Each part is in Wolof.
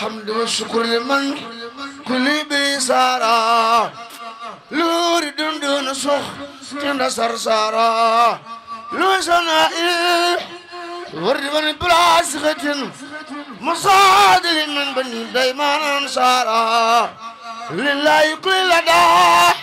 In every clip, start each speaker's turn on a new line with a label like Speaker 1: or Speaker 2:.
Speaker 1: الحمد والشكر لمن كل بيسارا لور دون دون سخ تند سرسارا لو سنائي ورد من بلا سخة مصاد من بني دايما انصارا لله كل لدى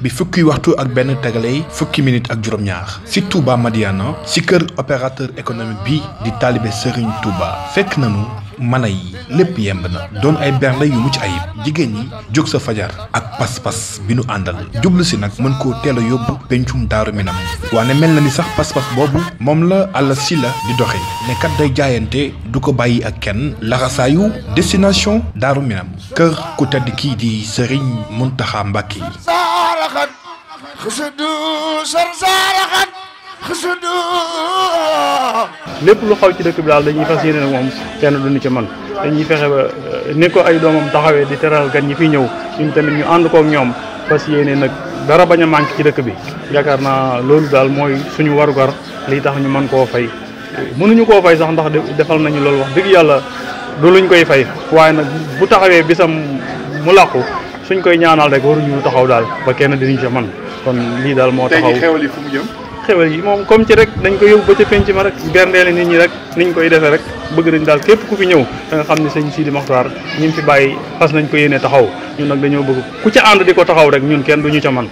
Speaker 1: bi
Speaker 2: fukki waxtu ak benn tegalay fukki minit ak juróom-ñaar si Touba Madiana si kër opérateur économique bi di taalibe Serigne Touba fekk nanu mana yi lépp yemb na doon ay bernde yu mucc ayib jigéen ñi jóg sa fajar ak pas-pas bi nu àndal jublu si nag mën koo teel a yóbbu pencum daaru minam waane mel na ni sax pas-pas boobu moom la àlla la di doxe ne kat day jaayante du ko bàyyi ak kenn laxasaayu destination daaru minam kër ku tedd kii di sëriñ muntaxa mbàkke yi
Speaker 3: lépp lu xaw ci dëkk bi daal dañuy fas yéene ne moom kenn duñu ci man dañuy fexe ba euh, ni ko ay doomam taxawee di teral gan ñi fi ñëw ñun tamit ñu ànd kook ñoom fas yéene nag dara bañ a manqué ci dëkk bi yaakaar naa loolu daal mooy suñu warugar lii tax ñu mën koo fay mënuñu koo fay sax ndax defal nañu loolu wax dëgg yàlla du luñ koy fay waaye nag bu taxawee bisam mu làqu suñ koy ñaanal rek waruñu taxaw daal ba kenn dinañ ci man kon lii daal moo taxaw tey xewal xewal yi moom comme ci rek dañ ko yóbbu ba ca pénc ma rek berndeele nit ñi rek niñ koy defee rek bëgg nañ daal képp ku fi ñëw da nga xam ne sëñ Sidi Maxtaar ñi fi bàyyi fas nañ ko yéene taxaw ñun nag dañoo bëgg ku ca ànd di ko taxaw rek ñun kenn ñu ca man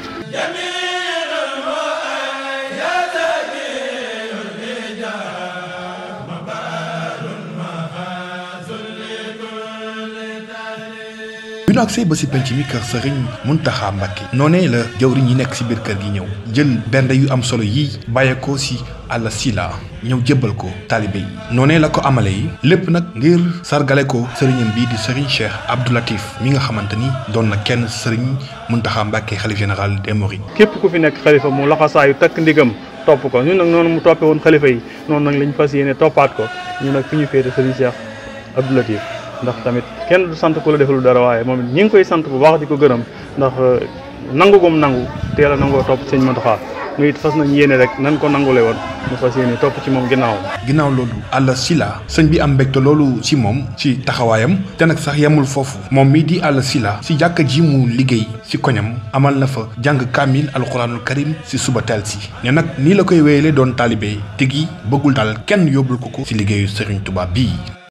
Speaker 2: bi ñu agsee ba ci penc mi kër sëriñ Muntaxa Mbàkke noonu la jawriñ yi nekk si biir kër gi ñëw jël bernde yu am solo yi bàyyee ko si àlla sila ñëw jébbal ko taalibe yi noonee la ko amale yi lépp nag ngir sargale ko sëriñam bii di sëriñ Cheikh Abdou Latif mi nga xamante ni doon na kenn sëriñ Muntaxa Mbàkke xalif général des Mourides
Speaker 3: képp ku fi nekk xalifa mu laxasaayu takk ndigam topp ko ñun nag noonu mu toppee woon xalifa yi noonu nag lañ fas yéene toppaat ko ñun nag fi ñu féete sëriñ ndax tamit kenn du sant ku la deful dara waaye moom ñu ngi koy sant bu baax di ko gërëm ndax euh, nangu gum nangu teel a nangoo topp sëñ Mountakha nu it fas nañ yéene rek nan ko nangule woon mu fas yéene topp ci moom ginnaaw
Speaker 2: ginnaaw loolu Alla sila sëñ bi am mbégte loolu ci moom ci taxawaayam te nag sax yemul foofu moom mii di Alla Sylla ci jàkka ji mu liggéey ci koñam amal na fa jàng kaamil alxuraanul karim ci suba teel si ne nag
Speaker 1: nii la koy wéyale doon taalibe tigi bëggul daal kenn yóbbul ko ko ci liggéeyu Sëriñ Tuubaa bii